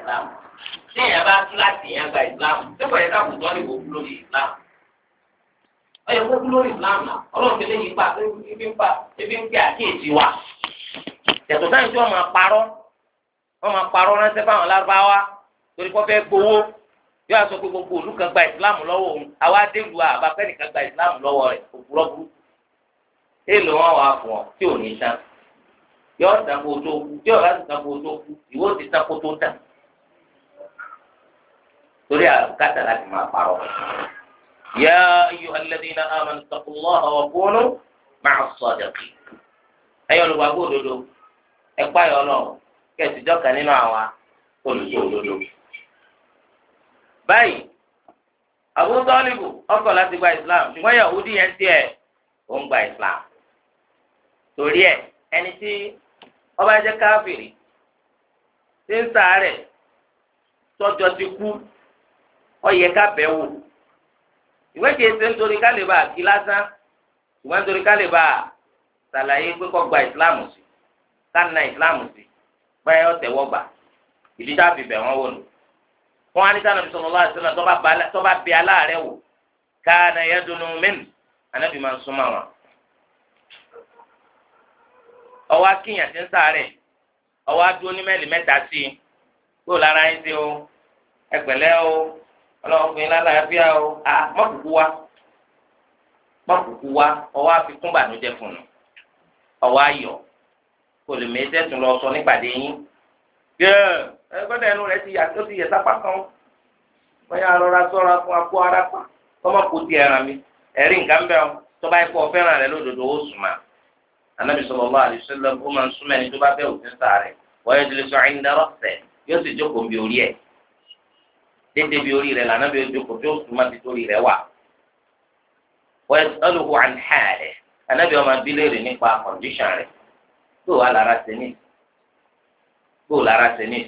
islam tí èèyàn bá kíláàsì yẹn gba islam sípò yẹn ká kùtọ́ lè wọ́pù lórí islam ó yẹ wọ́pù lórí islam náà ọlọ́run fi léyìn pa ebi ń pa ebi ń gbé àkíyèsí wa yàtọ̀ sáyẹn tí wọ́n máa parọ́ wọ́n máa parọ́ ránṣẹ́ fáwọn lárúbáwá torí kọ́ fẹ́ gbowó yóò sọ pé gbogbo òlù kan gba islam lọ́wọ́ òun àwa délùú àbáfẹ́ nìkan gba islam lọ́wọ́ rẹ̀ òpùrọ́ burúkú èèlò wọn wà fún ọ tí ò ní tán yọ ọ tàn kó tó kú tí ọ̀rá ti tàn kó tó kú ìwọ ti tàn kó torí àbùkátà láti máa parọ́. yá ayyuhal ladhina amanu na wa kunu ma'as sadiqin. ẹ̀yin olùgbàgbọ́ òdodo dapụ páyọ̀ ọlọ́run kẹ̀sì nínú àwa òdodo. báyìí ọkọ̀ láti gba ṣùgbọ́n yẹn tiẹ̀ ó ń gba Islam. torí ẹni tí ọba jẹ́ káfìrí ń sàárẹ̀ tọ́jọ́ ti kú. ọyẹ kábẹ wò ìwé kìí ṣe nítorí kálíbà kí lásán ìwé nítorí kálíbà ṣàlàyé pé kọ́ gba ìsìláàmù sí sànà ìsìláàmù sí báyọ̀ ọ̀tẹ̀ wọ́gbà ìdí tá a fi bẹ̀ wọ́n wò nù. wọ́n á ní sànà bí sọ̀rọ̀ láti wò káàna yẹ dunu mẹ́nu anábì máa ń súnmọ́ wọn. ọwọ́ akínyàn ti ń sáré ọwọ́ adúló ní mẹ́lì mẹ́ta sí i kó lára yín sí o ẹgbẹ̀lẹ́ o ọlọ́run fún yín lálàáfíà o à mọ́kùkú wa mọ́kùkú wa ọwọ́ àfikún bànújẹ́ fún un ọwọ́ ayọ̀ kò lè mí tẹ̀sùn lọ sọ nípàdé yín yẹ́ẹ̀ ẹgbẹ́dẹ̀ ẹnu rẹ̀ ti yà tó ti yẹ sápá kan wọ́n yà rọra sọ́ra fún akó ara pa kọ́mọ́ kò tiẹ̀ ràn mí ẹ̀rí nǹkan bẹ́ẹ̀ o tọ́ba ikọ̀ fẹ́ràn rẹ̀ lódodo ó sùn mà anabi sallallahu alaihi wasallam ó máa ń súnmọ́ ẹni tó bá bẹ́ẹ̀ òfin sáré wọ́n yóò ti lè sọ ẹ̀ńdárọ̀ sẹ̀ yóò sì jókòó bí orí ẹ̀ dédé bi orí rẹ̀ lànà bí ojókòó tí ó súnmọ́ ti torí rẹ̀ wà. wọ́n ẹlòmíwò àn hàlẹ̀ anábì ọmọ abílẹ̀ rẹ̀ nípa kọ̀ǹdíṣàn rẹ̀ tó wà lára sẹ́ni tó lára sẹ́ni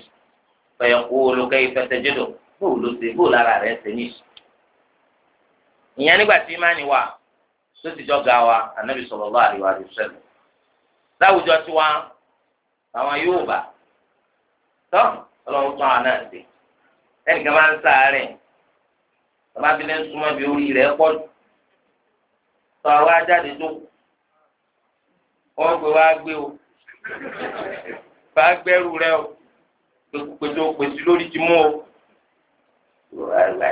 fẹ̀yẹ̀ kó olókẹ́ ìfẹsẹ̀ jẹ́dọ̀ tó ló ṣe tó lára rẹ̀ sẹ́ni. ìyẹn nígbà tí imáni wà tó ti jọ ga wa anábì sallallahu alaihi wa sallam. láwùjọ tiwa àwọn yóò bá tọ́ ọlọ́run tán àná ẹnìkan máa ń sàárẹ̀ bàbá abilé ń súnmọ́ bí orí rẹ̀ pọ̀ jù tọ́ àwa jáde tó wọ́n gbé wá gbé o bá gbẹ́rù rẹ o pètò pèsè lórí ti mú o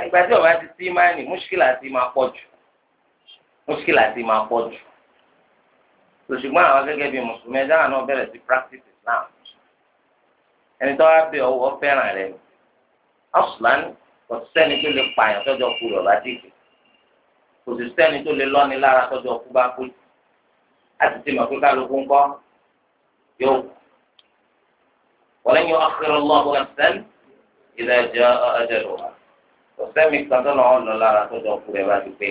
ìgbà tí ọba ti sí máa nì múṣkìlà ti máa pọ̀ jù múṣkìlà ti máa pọ̀ jù ṣùgbọ́n àwọn gẹ́gẹ́ bíi mùsùlùmí ẹ̀dá náà bẹ̀rẹ̀ sí practice Islam ẹni tó wá bẹ̀ ọwọ́ fẹ́ràn rẹ̀ ni asùlánì kò sẹ́ni tó lè pààyàn tọ́jọ́ kú rẹ̀ bá dìde kò sì sẹ́ni tó lè lọ́ni lára tọ́jọ́ kú bá kú a sì ti mọ̀ pé kálukú ń kọ́ yóò wọ́n lẹ́yìn ọ̀kẹ́rẹ́ lọ́wọ́ ẹ̀sẹ̀n ìdájọ́ ẹ̀dẹ̀rọ̀ kò sẹ́mi kan tó lọ́wọ́ lọ lára tọ́jọ́ kú rẹ̀ bá pé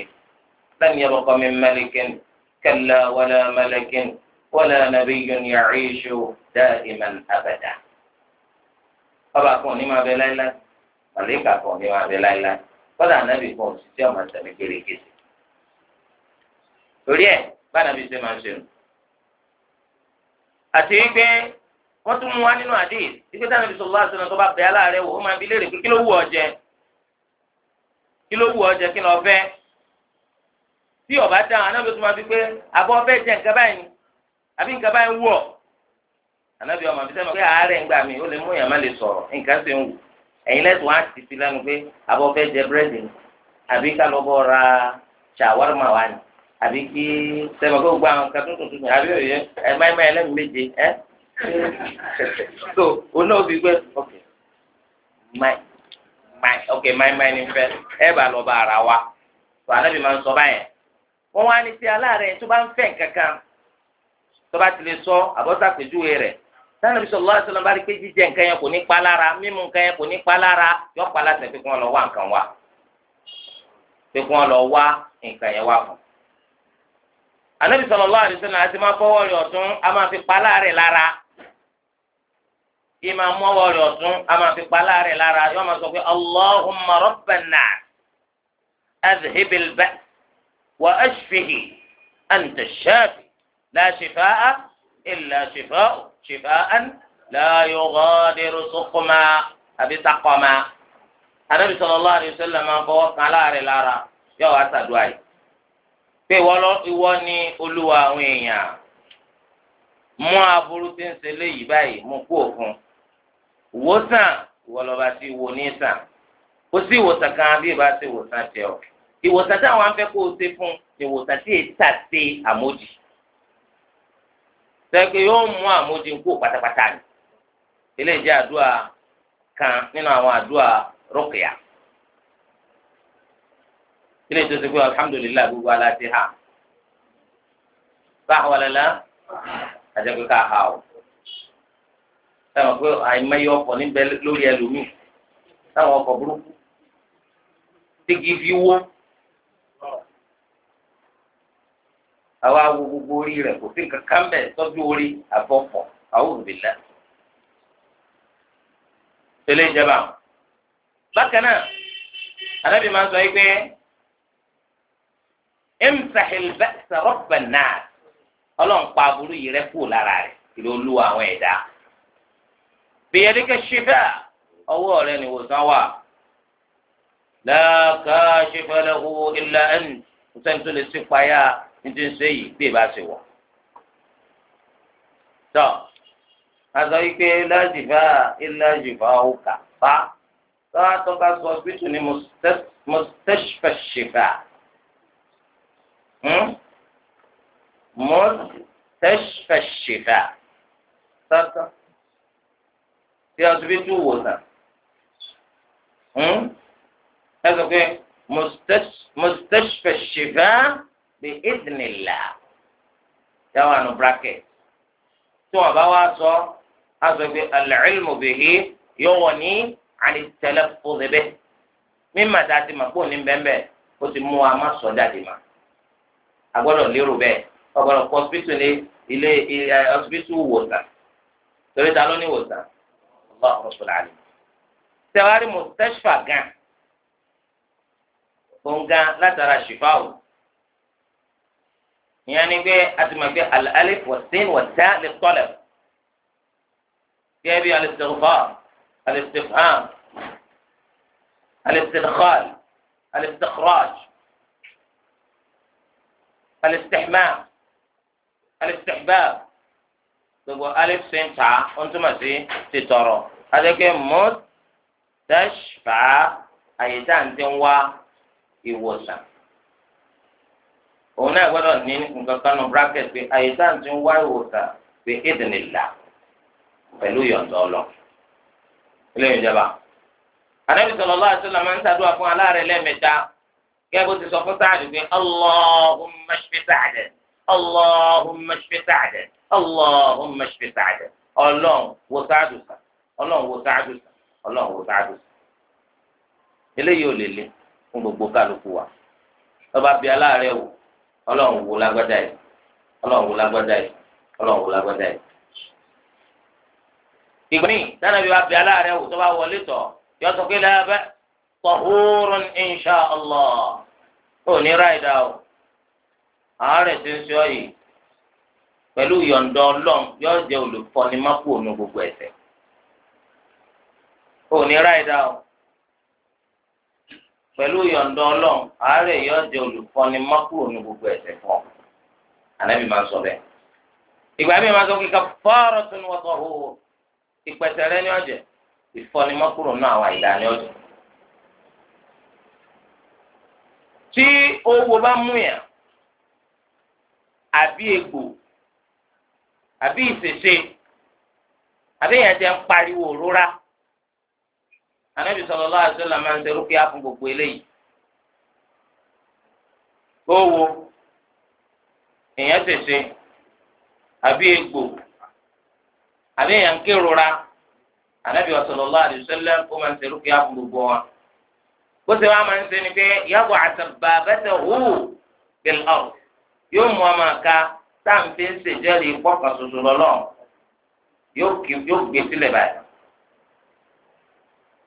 sẹ́ni ẹ̀rọ kọ́ mi mẹ́lẹ́kìn kẹ́lá wọlé mẹ́lẹ́kìn wọlé nàbí yun yàrá ìṣó dá ìmọ̀ àbẹ̀dá. ọba kan ní àlékà kan ní wàá bẹ láéláé kọ́dà ànábì kan ò sì tí ọmọ sẹ̀mí kérékèsè. torí ẹ̀ bánàbí ṣe máa ń ṣe nù. àti wípé wọ́n tún mú wa nínú àdéhìí wípé tánàbí sọ̀rọ̀ láti sọ̀rọ̀ tó bá bẹ̀ aláàárẹ̀ wò ó máa bi léèrè pé kí ló wù ọ jẹ kí ló wù ọ jẹ kí ló fẹ́ tí ọba dáhùn ànábì tó máa bí pé àbọ̀ fẹ́ jẹ nǹkan báyìí àbí nǹkan báyìí wù ọ ànábì ọmọ ẹ̀yin lẹ́sùn wá ti fi lẹ́nu pé abọ́ fẹ́ jẹ búrẹ́dì ni àbí ká lọ́bọ̀ ra ṣàwárùmà wa ni àbí kí sẹ́mi kó gba àwọn kan tuntun tuntun àbí òye ẹ máa máa ẹlẹ́mi méje ẹ so oná òbí gbé ok máì máì ok máì máì ní fẹ́ ẹ bá lọ bá ara wa tó anábì máa ń sọ báyẹn wọ́n wá ní ti aláàárẹ̀ tó bá ń fẹ́ kankan tó bá ti lè sọ àbọ̀sàpèjúwe rẹ̀ sanabi sọlọ asọlọ bá rí pé jíjẹ nǹkan yẹn kò ní pa lára mímu nǹkan yẹn kò ní pa lára yọ pa láti fi kún ọ lọ wá nǹkan wá fi kún ọ lọ wá nǹkan yẹn wá fún. anabi sọlọ lọ àdìsọlọ àti máa fọwọ́ rẹ̀ ọ̀tún a máa fi pa láàrẹ̀ lára ìmọ̀ mọ́wọ́ rẹ̀ ọ̀tún a máa fi pa láàrẹ̀ lára yọ máa sọ pé allahumma rabbana adhibil wa ashfihi anta shafi la shifaa. إلا شفاء شفاء لا يغادر ọ̀dẹ̀rù أبي àbí sàkọ́má. صلى الله عليه وسلم máa fọwọ́ kan يا lára yóò wá sàdúrà yìí. pé ìwọ ni olúwa àwọn èèyàn mú aburú tí ń ṣe léyìí báyìí mú kú òfun wò sàn ìwọ lọ́ba tí wò ní sàn kò sí ìwòsàn kan bí ìbá ṣe ìwòsàn tẹ ọ ìwòsàn táwọn afẹ́ kó o ṣe fún ìwòsàn tí èyí tà ṣe àmójì sẹ́kẹ̀ yóò mú àmójì kú pátápátá ni eléyìí àdúrà kan nínú àwọn àdúrà rọ́kìá eléyìí tó ti pé alhamdulilayi gbogbo aláti ha bá àwọn àlẹ́lá àjẹpẹ́ ká ha o ẹ mọ̀ pé àìmọye ọkọ̀ níbẹ̀ lórí ẹlòmíì táwọn ọkọ̀ burúkú tí fi wó. àwa wo gbogbo orí rẹ̀ kò sí nǹkan kan bẹ́ẹ̀ tọ́jú orí àfọ̀fọ̀ àwọn òbílẹ̀. tẹ́lẹ̀ ìjọba bákan náà anábì máa ń sọ yìí pé emsahil bẹ́sẹ̀ rọ́bà náà ọlọ́run pa aburú yìí rẹ́ kúrò lára rẹ̀ kí ló lu àwọn ẹ̀dá. bìyẹ̀dẹ́kẹ́ ṣe bẹ́ẹ̀ ọwọ́ rẹ̀ nìwòsàn wà. la kashifa lahu illa ant kò sẹ́ni lè ṣe payá nítorí ṣe yìí gbé bá ṣe wọ. tọ́ azọ ike lájìfá ìlàjìfá òkà fa tọ́wá tọ́ka sọ ọsibítù ní mọ̀tẹ́sífẹ̀ṣẹ̀fà mọ̀tẹ́sífẹ̀ṣẹ̀fà tọ́tọ́ tí ọsibítù wò sàn hmm? ẹ sọ pé mọ̀tẹ́sífẹ̀ṣẹ̀fà bí ìdìnnìlà dáwọn àánú bracket tí wọn bá wá sọ á sọ pé al-ilmu bihi yughni 'an at-talaffuz bihi mímà tá a ti mà kó ní bẹ́ẹ̀ ó ti mú wa má sọ jáde mà a gbọ́dọ̀ lérò bẹ́ẹ̀ ọ̀gbọ́dọ̀ kọ́ hospital ní ilé eh, hospital wòsàn torí ta ló ní wòsàn Allah Rabbul alamin tẹwárí mustashfa gan òun gan látara ṣìfáwò. ìyẹn ni pé àtìmọ̀gbé alif wọ̀sìn wọ̀sá lè tọ́lẹ̀ gẹ́gẹ́ bí alẹ́sẹ̀fà alẹ́sẹ̀fàm alẹ́sẹ̀kọ́l alẹ́sẹ̀kọ́rọ́j alẹ́sẹ̀mà alẹ́sẹ̀bàb gbogbo alif sèǹtà ó ń túmọ̀ sí títọrọ adẹ́gbẹ́ mọ́tẹ́sfà àyè tá à ń tẹ́ ń wá ìwòsàn. òun náà gbọ́dọ̀ ní nǹkan kan nù bracket pé àyè ti ń wá ìwòsàn pé pẹ̀lú ọlọ. ilé ìjọba anábì sallallahu alaihi wasallam fún aláàrẹ ti sọ fún sáàdì pé allahumma shfi sáàdẹ̀ allahumma shfi sáàdẹ̀ sáàdẹ̀ sáàdù sà sáàdù sà sáàdù sà. eléyìí ọlọ́run wo lágbádá yìí ọlọ́run lágbádá yìí ọlọ́run lágbádá yìí. bí wàá bí aláàárẹ̀ wò tó bá wọlé sọ pé lábẹ́ insha allah o àárẹ̀ ti ń sọ yìí pẹ̀lú yọ̀ǹda ọlọ́run jẹ́ olùfọ́ni o. pẹ̀lú yọ̀ǹda ọlọ́run àárẹ̀ yóò jẹ́ olùfọ́ni mọ́kúrò ní gbogbo ẹ̀ṣẹ̀ fún ọ. ànábì máa ń sọ bẹ́ẹ̀. ìgbà mi máa sọ pé ká fọ́ọ̀rọ̀ tó ní wọ́n sọ hóhó ìpẹ̀sẹ̀ rẹ ní ọ̀jẹ̀ ìfọ́ni mọ́kúrò náà àwọn àìdá ní ọ̀jẹ̀. tí owó bá mú yàn àbí egbò àbí ìṣèṣe àbí yàn jẹ́ ń pariwo òróra anabi sallallahu alaihi wasallam máa ń ṣe rúkìá fún gbogbo eléyìí ó wo èèyàn ṣèṣe àbí egbò àbí èèyàn kérora anabi sallallahu alaihi wasallam ó máa ń ṣe rúkìá fún gbogbo wọn bó ṣe wàá máa ń ṣe ni pé yàgò àtàbà bẹsẹ hù bẹlẹ ọ yóò mú ọmọ àká táǹfẹ ń ṣèjẹrìí pọkàn ṣoṣo lọlọ yóò gbé sílẹ̀ báyìí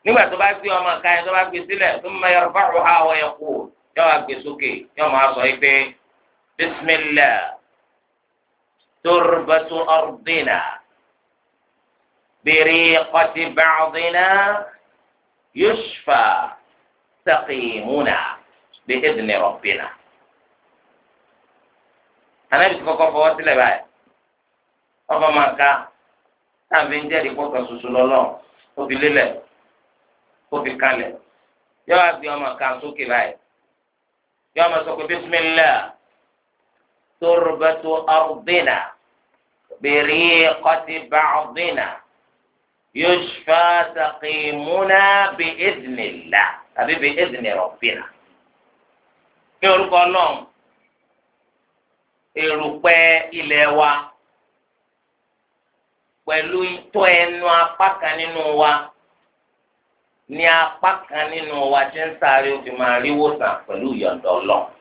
nígbà tó bá gbé ọmọ ká yẹn tó bá gbé sílẹ̀ tó máa yọrọ fáwọn àwọn yẹn kú yọ wá gbé sókè yọ máa sọ yìí pé bisimilá turbatu ọrdina bèrè kọtì bàdínà yusufa sàkìmúnà bí ẹdínlẹ rọbìnà. anábì tí kọ́kọ́ fọwọ́ sílẹ̀ báyìí ọba máa ká táàbí ń jẹ́rìí pọ̀ ṣoṣo lọ́lọ́ òbí lélẹ̀ kó fi kalẹ̀ yọ wá gbé ọmọ kan sókè báyìí yọ ọmọ sọ pé bismillah turbatu ardina biriqati ba'dina yushfa saqimuna bi idhnillah àbí bi idhni rabbina ní orúkọ náà erùpẹ̀ ilẹ̀ wa pẹ̀lú itọ́ ẹnu apá kan nínú wa ní apá kan nínú wa tí ń sáré ó fi máa rí wòsàn pẹ̀lú ìyọ̀ǹda ọlọ́run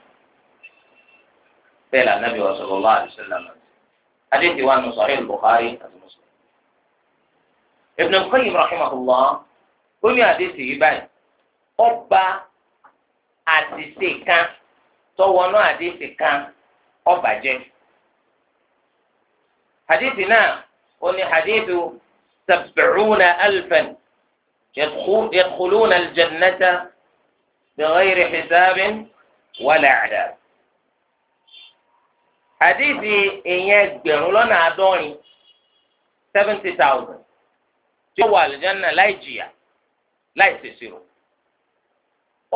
bẹ́ẹ̀ la nàbí sallallahu alaihi wasallam adéǹtì wa nù sọ̀rọ̀ Bukhari àti Muslim. Ibn Qayyim rahimahullah ó ní àdéǹtì yìí báyìí ọba àtìsè kan tọwọ́nú àdéǹtì kan ọba jẹ́. àdéǹtì náà ó ní àdéǹtì sab'una alfan. يدخلون الجنة بغير حساب ولا عذاب hadithi ìyẹn ẹgbẹ̀rún lọ́nà àádọ́rin seventy thousand tí ó wà àlùjáná láì jìyà láì ṣèṣirò.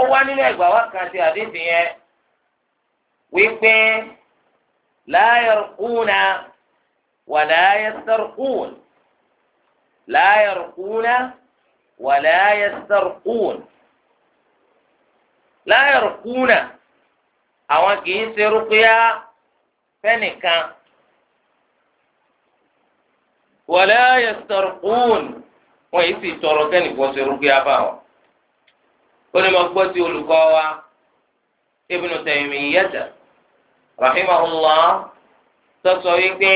ó wá nínú ẹgbàá wá kan ti hadithi yẹn wípé la yarquna wa la yasarqun la yarquna wala yastarqun la yarquna àwọn kì í ṣe rúkúyà fẹ́nìkan wala yastarqun wọn yìí sì tọrọ kẹ́nìkan ṣe rúkúyà báwọn ó ní mo gbọ́ tí olùkọ́ wa Ibnu Taymiyyah rahimahullah tó sọ wípé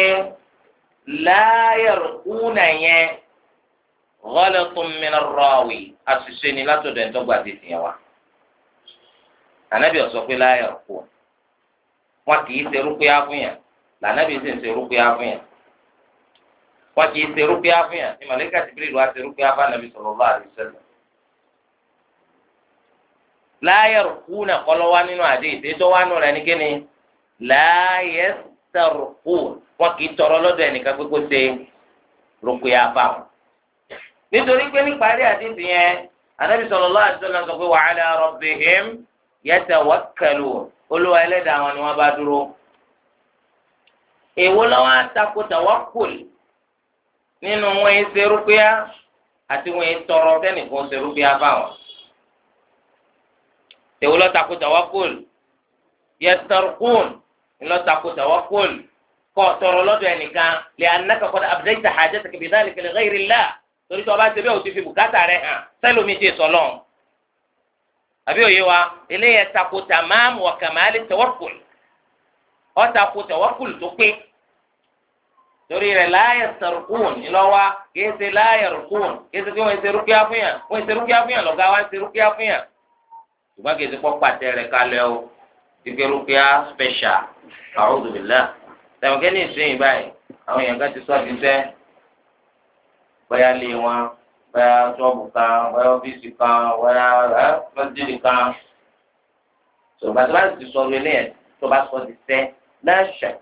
la yarquna yẹn ghalatun min ar-rawi àṣìṣe ni látọ̀dọ̀ ẹni tó gba àdìsí yẹn wá ànábì ó sọ pé láyà kú wọn kì í ṣe rúkúyà fún yàn lànàbì sì ń ṣe rúkúyà fún yàn wọn kì í ṣe rúkúyà fún yàn ní màlẹ́kà Jibril ṣe rúkúyà fún ànábì sallallahu alaihi wasallam láyà kú nà kọ́lọ́ wá nínú àdìsí tó wá nù rẹ̀ ní kíni láyà sàrùkú wọn kì í tọrọ lọ́dọ̀ ẹnìkan pé kó ṣe rúkúyà fáwọn nítorí pé níparí àdìsí yẹn anabi sallallahu alaihi wasallam sọ pé wa ala rabbihim yatawakkalun olúwa ẹlẹ́dàá wọn ni wọ́n bá dúró. èwo lọ́wọ́ àtakò tawakkul nínú wọn yìí ṣe rúpíà àti wọn yìí tọrọ tẹnìkan ṣe rúpíà fáwọn. èwo lọ́wọ́ àtakò tawakkul yẹtọrọkùn ńlọ́takò tawakkul kọ́ tọrọ lọ́dọ̀ ẹnìkan lè anákàkọ́ abdẹ́ta hajjata kìbìdá lè kẹlẹ́ torí tí ọba ṣe bẹ́ẹ̀ ò ti fi bùkátà rẹ̀ hàn sẹ́lómi ti sọ lọ́n àbí òye wa eléyẹ tako tamam wa kamali tawakkul ọtako tawakkul tó pé torí rẹ̀ láyà sàrùkùn ńlọ́wà kìí ṣe láyà rùkùn kìí ṣe pé wọ́n ṣe rúkìá fún yàn wọ́n ṣe rúkìá fún yàn lọ́gá wa ṣe rúkìá fún yàn ṣùgbọ́n kìí ṣe pọ́ pàtẹ kalẹ̀ o ìgbẹ́ rúkìá special a'udhu billah tẹ̀wọ̀n kẹ́ni ìṣẹ́yìn báyìí àwọn èèyàn kan ti sọ́ọ́ bóyá lé wọn bóyá ṣọ́ọ̀bù kan bóyá ọ́fíìsì kan bóyá mọ́sídìrì kan tòbá tó bá ti sọ̀rọ̀ eléyẹn tó bá sọ ti sẹ́ lẹ́sẹ̀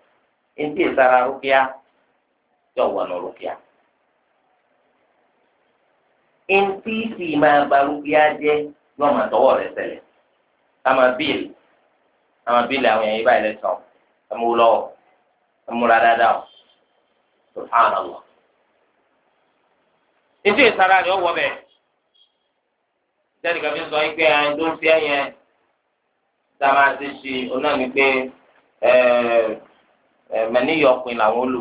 ntí ìsara rúkìá yọ wọnà rúkìá. ntí sì máa ba rúkìá jẹ́ yọ máa tọwọ́ rẹ̀ sẹlẹ̀ kama bíìlì kama bíìlì àwọn èèyàn yìí báyìí lẹ́sàn-án ẹ̀ mú lọ́wọ́ ẹ̀ múra dáadáa subhanallah ètò ìsara rẹ̀ ọ̀wọ́ bẹ̀. sẹ́ni kàfi sọ pé ẹni tó ń fi ẹyẹ sábà ti ṣe ọ̀nà mi pé mẹ́níyọ̀ ọ̀pin làwọn lò.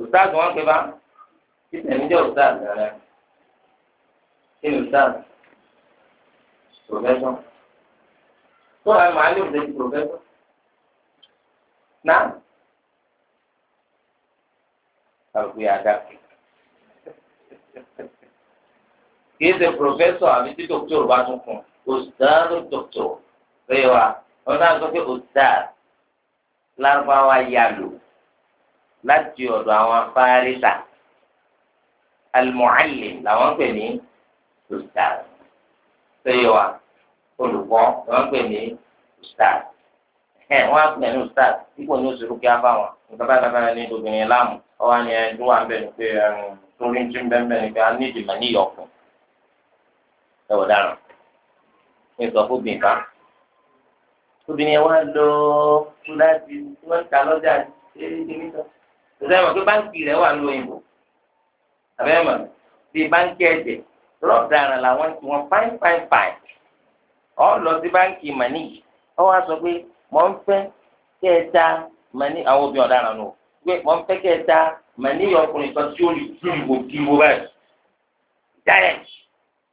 ustaz wọn pe kí tẹ̀mí jẹ́ ustaz rẹ̀ kí ni ustaz professor tó àwọn màálù ṣe ti professor náà. Àgbé àdàkùn kì í ṣe pòfẹ́sọ̀ àbí tí dókítọ̀rù bá tún kùn òṣìṣẹ́ dókítọ̀rù bẹ́ẹ̀ wa wọn náà sọ pé òṣìṣẹ́ lárúbáwá yà lò láti ọ̀dọ̀ àwọn afárítà almuallim làwọn pè ní ustaz sẹ́yìn wa olùkọ́ làwọn pè ní ustaz ẹ̀ wọ́n á pè ní ustaz ipò ní oṣù rúkẹ́ abáwọn nǹkan bá dábàá ní obìnrin láàmú ọwọ́ ni ẹni tó wà ń bẹ̀ ní pé torí ń jí ń bẹ́ẹ̀ ní pé a ní ìdìmọ̀ ní ìyọkùn ẹ wò dára ní sọ fún bìnká obìnrin wa lọ fúláàtì tí wọ́n ń ta lọ́jà ṣé ní nítorí ṣùgbọ́n ẹ mọ̀ pé báńkì rẹ̀ wà lóyìnbó àbẹ́rẹ́ mọ̀ sí báńkì ẹ̀jẹ̀ lọ́ọ̀daràn làwọn tí wọ́n fáìn fáìn fáìn ọ lọ sí báńkì màníyì ọ wá sọ pé mọ̀ ń fẹ́ kẹ́ mani àwọn obìnrin ọ̀daràn nù pé wọ́n fẹ́ kẹ́ ẹ ta mani yọ ọkùnrin kan tí ó lè tú ìwò kí wo báyìí giant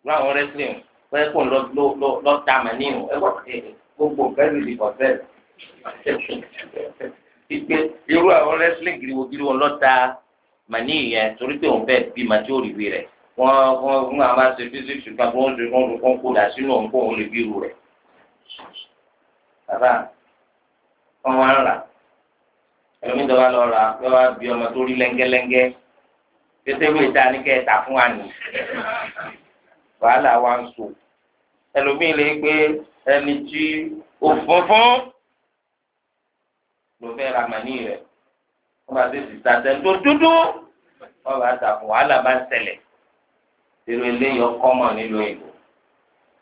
ló àwọn wrestling wọ́n yẹ kó lọ lọ lọ ta mani o ẹ wọ́n gbogbo bẹ́ẹ̀ lè bọ̀ bẹ́ẹ̀ pípé irú àwọn wrestling giriwogiri wọn lọ ta mani yẹn torí pé òun fẹ́ bí màtí ó rí rí rẹ̀ wọ́n wọ́n wọ́n àwọn máa ṣe physics kan kó wọ́n ṣe wọ́n kó kó dà sínú òun kó òun lè bí irú rẹ̀ bàbá wọn wá ẹlòmíì tó bá lọ rà yọ wá bí ọmọ tó rí lẹ́ngẹ́lẹ́ngẹ́ pété wíì tá a ní kẹ́ ẹ tà fún wa nì wàhálà wa ń so ẹlòmíì lè gbé ẹni tí ó funfun ló fẹ́ ra màní rẹ̀ wọ́n bá tètè ta tẹ́tọ́ dúdú wọ́n bá tà fún wàhálà bá ń ṣẹlẹ̀ èrò eléyìí ọkọ mọ̀ nílùú èkó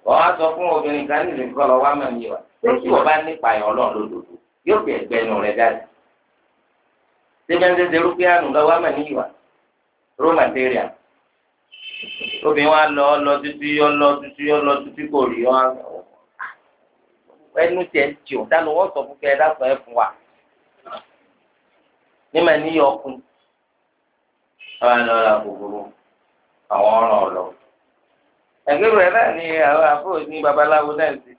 wọ́n á sọ fún obìnrin kan nílùú kọ́ lọ wá màní wa tó kí wọ́n bá nípa ẹ̀ ọlọ́run lódodo yóò fi ẹ̀gbẹ́ nù rẹ̀ dáadáa. síbẹ̀ ń ṣe rúpíà nù lọ́wọ́ àmà níyìwá raw material obìnrin wa lọ lọ títí yọ lọ títí yọ lọ títí kò rí ọ ah, ẹnu tiẹ̀ ń tì ó dáná sọ fún kẹ́ ẹ fún wa ní mà la gbogbo àwọn ọ̀ràn ọ̀lọ́ náà ni àwọn àbúrò ní babaláwo náà ti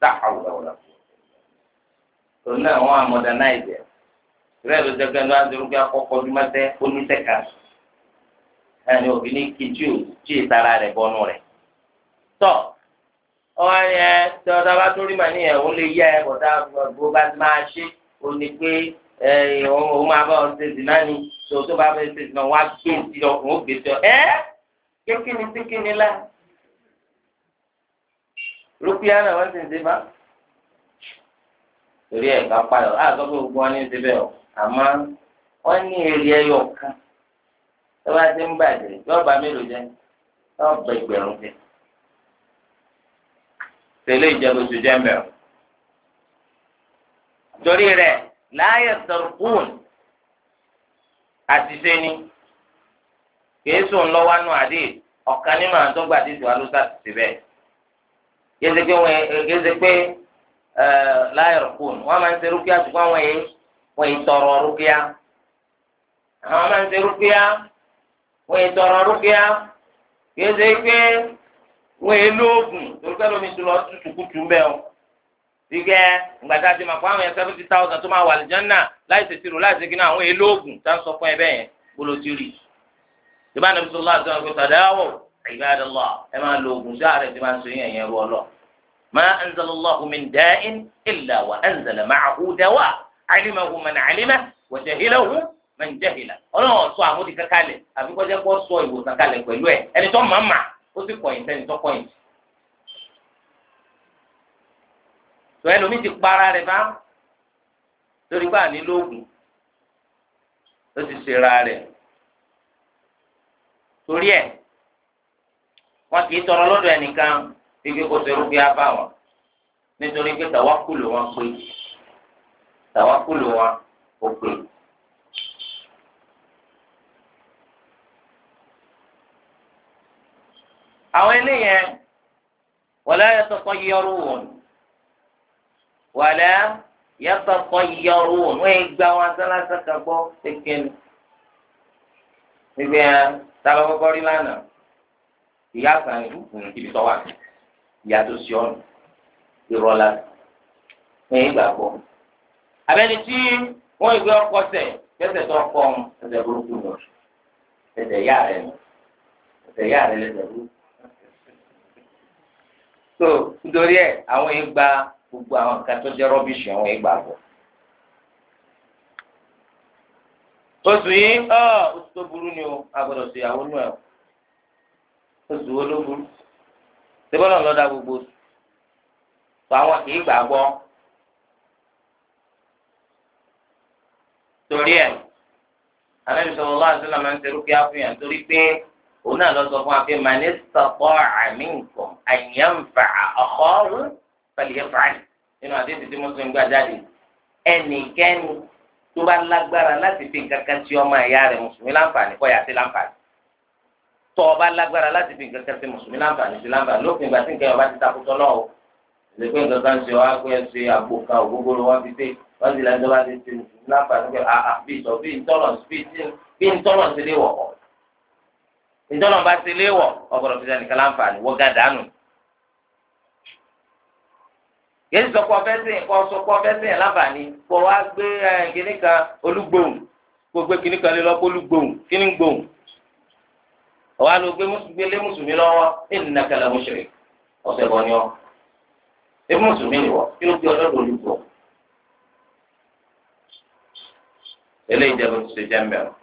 tá àwùjọ wọn lọ. tòun náà wọn àmọdánáìzì ẹ rẹ ló jẹ pé ẹnu àti orúkọ akọkọ ọdúnmọtẹ oníṣẹka ẹni òbí ní kìtì ò tí ì tara rẹ bọnu rẹ. tọ ọwọ yẹn tí ọdọ bá tó rí màá ní ẹwọn lè yá ẹ bọdá bó bá máa ṣe ó ní pé òun máa bá ọ̀sẹ̀ ìdìnnà ni tó tó bá fẹ́ ṣe ìdìnnà wá gbé ìdìnnà òun ó gbé tọ ẹ kékeré kékeré láà. rúpíà náà wọ́n sì ń ṣe bá torí ẹ̀ wọn ní ṣe bẹ́ẹ̀ o àmọ́ wọ́n ní ẹyọ kan tó bá ti ń bàjẹ́ mélòó tẹ̀lé oṣù jẹ́ mẹ́rin torí rẹ̀ láàyè sọ̀rọ̀kùn ni kìí sùn lọ́wọ́ ọ̀kan nínú àwọn tó gbà gẹ́gẹ́ pé wọ́n gẹ́gẹ́ pé láyọ̀rọ̀ kùn wọ́n máa ń ṣe rúkìá ṣùgbọ́n wọ́n yìí wọ́n yìí tọrọ rúkìá àwọn máa ń ṣe rúkìá wọ́n yìí tọrọ rúkìá gẹ́gẹ́ pé wọ́n yìí lóògùn torí pé lómi tó lọ tutù kutù mbẹ́ o gbígbẹ́ ngbàdá ti máa fọ àwọn yẹn seventy thousand tó máa wà lìjánná láì ṣèṣirò láì ṣègbè náà àwọn yìí lóògùn tá à ń sọ fún ẹ bẹ́ẹ̀ yẹn kó ló ibadallah ẹ máa lo oògùn sáà rẹ̀ tí máa ń so yẹn yẹn rú ọlọ́ ma anzalallahu min da'in illa wa anzala ma'ahu dawa alimahu man alimahu wa jahilahu man jahila ọlọ́run sọ àmúdi kankalẹ̀ àfi kọjá kó sọ ìwòsàn kalẹ̀ pẹ̀lú ẹ̀ ẹni tó máa mà ó sì kọ̀yìn sẹ́ni tó kọ̀yìn. tọ́ ẹlòmí ti para rẹ̀ bá torí bá ní lóògùn ó ti ṣera rẹ̀ torí ẹ̀ wọn kì í tọrọ lọ́dọ̀ ẹnìkan fífi kó sọ irúgbìn abá wọn nítorí pé tàwákùlù wọn pé tàwákùlù wọn ò pè. àwọn eléyẹn wala yatayyarun wala yatayyarun wọn gba wọn sálásá kan gbọ́ pékè níbi ẹ tábà kọ́kọ́ rí lánàá ìyá kan ìlú fún ibi tọ́wà ìyá tó ṣe ọ́nù ìrọ̀lá ẹ̀yìn gbàgbọ́. abẹ́ni tí wọ́n ìgbé ọkọ sẹ̀ kẹsẹ̀ tó kọ́ ọ́n ẹsẹ̀ burúkú nù ẹsẹ̀ yá rẹ̀ nù ẹsẹ̀ yá rẹ̀ lẹ́sẹ̀ burúkú. so nítorí ẹ àwọn ìgbà gbogbo àwọn nǹkan tó jẹ́ rọ́bìṣì àwọn ìgbà bọ̀. oṣù yìí oṣù tó burú ni o a gbọ́dọ̀ ṣèyàwó nù ẹ̀ o oṣù wo ló burú síbọ̀lọ̀ lọ́dà gbogbo sọ àwọn kì í gbàgbọ́ torí ẹ̀ Ànábì sallallahu alaihi wasallam máa ń serú kí á fún yàn torí pé òun náà lọ sọ fún wa pé man istata'a minkum an yanfa'a akhahu falyaf'al nínú àdéhùn tí mùsùlùmí gbà jáde ẹnikẹ́ni tó bá lágbára láti fi nǹkan tí ọmọ ẹ̀yà rẹ̀ mùsùlùmí láǹfààní kọ́ yà láǹfààní tọ́ ọba lágbára láti fi nǹkan kẹsẹ̀ mùsùlùmí láǹfààní sí láǹfààní lópin ìgbà tí nǹkan ọba ti takùtọ̀ náà o lẹ́gbẹ́ nǹkan kan ṣe wá pé ṣe àgbo kan ògógóró wá fi dé wọ́n ti lẹ́jọ́ bá ti ṣe mùsùlùmí láǹfààní pé àà bí ìtọ́ bí ìtọ́nà bí ìtọ́nà ti lé wọ̀ ìtọ́nà bá ti lé wọ̀ ọgbọ̀dọ̀ fi sẹ́nìkan láǹfààní wọ́n gá dànù. yéé sọpọ fẹsẹ̀ kọ sọpọ fẹsẹ̀ láǹfààní kọ wá gbé kíníkan ọwọ́ àlọ́ gbélé mùsùlùmí lọ́wọ́ innaka la mushrik ọ̀sẹ̀ bọ̀ ni ọ́ ebi mùsùlùmí ni wọ́ kí ló gbé ọlọ́dọ̀ olùkọ́ eléyìí jẹ́ bó ṣe jẹ́ mbẹ́rún.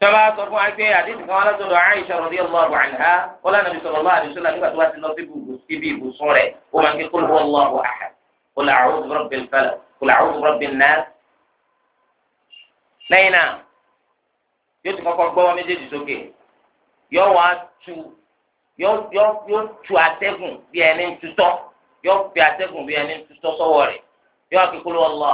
tọ́lá sọ fún wa àdéhùn kan alásọ̀rọ̀ Aisha radiyallahu anha wọ́n lánàá bí sallallahu alaihi wasallam nígbà tó wá ti lọ sí ibi ìbùsùn rẹ̀ ó máa ń ké kul huwallahu ahad kul a'udhu bi rabbil falaq náà yóò ti kọ́kọ́ gbọ́wọ́ méjèèjì sókè yóò wá tu yóò tu atẹ́gùn bí ẹni ń tutọ́ yóò fi atẹ́gùn bí ẹni ń tutọ́ sọ́wọ́ rẹ̀ yóò fi kúlú ọlọ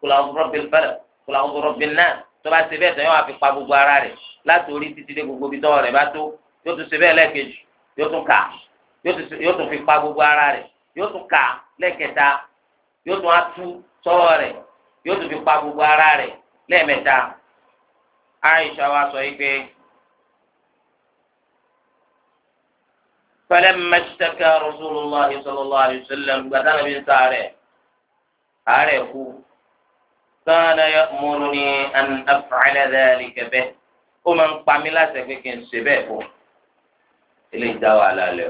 kúlú àwọn ọ̀rọ̀ bíi fẹlẹ̀ kúlú àwọn ọ̀rọ̀ bíi náà tó bá ṣe bẹ́ẹ̀ tán yóò wá fi pa gbogbo ara rẹ̀ láti orí títí dé gbogbo ibi tọ́wọ́ rẹ̀ bá tó yóò tún ṣe bẹ́ẹ̀ lẹ́ẹ̀kejì yóò tún kà yóò tún fi pa gbogbo ara rẹ̀ yóò tún kà lẹ́ẹ̀kẹta yóò tún atú sọ́wọ́ rẹ̀ yóò tún fi pa gbogbo ara rẹ̀ lẹ́ẹ̀mẹ́ta aisha wa sọ yìí pé falamma ishtaka rasulullah sallallahu alayhi wa sallam gbàdánà bí n sàárẹ̀ àárẹ̀ kú kana ya'muruni an af'ala dhalika bihi ó máa ń pa mí láti ẹgbẹ́ kí n ṣe bẹ́ẹ̀ fún ilé ìjà wàhálà lẹ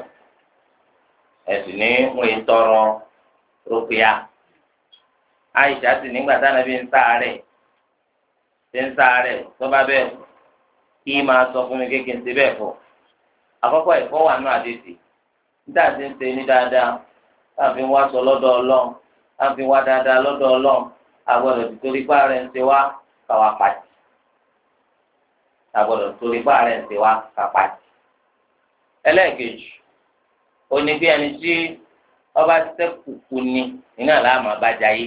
ẹ̀sìn ní mo ì tọrọ rúkìá aisha sì nígbà táwọn ẹbí ń sàárẹ̀ ṣe ń sáré tọ́ba bẹ́ẹ̀ kí máa sọ fún mi kékeré ṣe bẹ́ẹ̀ fọ. àkọ́kọ́ ẹ̀kọ́ wà ní àdéhùn níta ti ń ṣe ní dáadáa láàfin wá sọ lọ́dọ̀ ọlọ́run láàfin wá dáadáa lọ́dọ̀ ọlọ́run àgbọ̀dọ̀ torí pa rẹ̀ ń ṣe wá káwa pàtì àgbọ̀dọ̀ torí pa rẹ̀ ń ṣe wá ká pàtì. ẹlẹ́ẹ̀kejì ó ẹni tí ọba ṣẹ́kù kú ni iná làá bá jayé.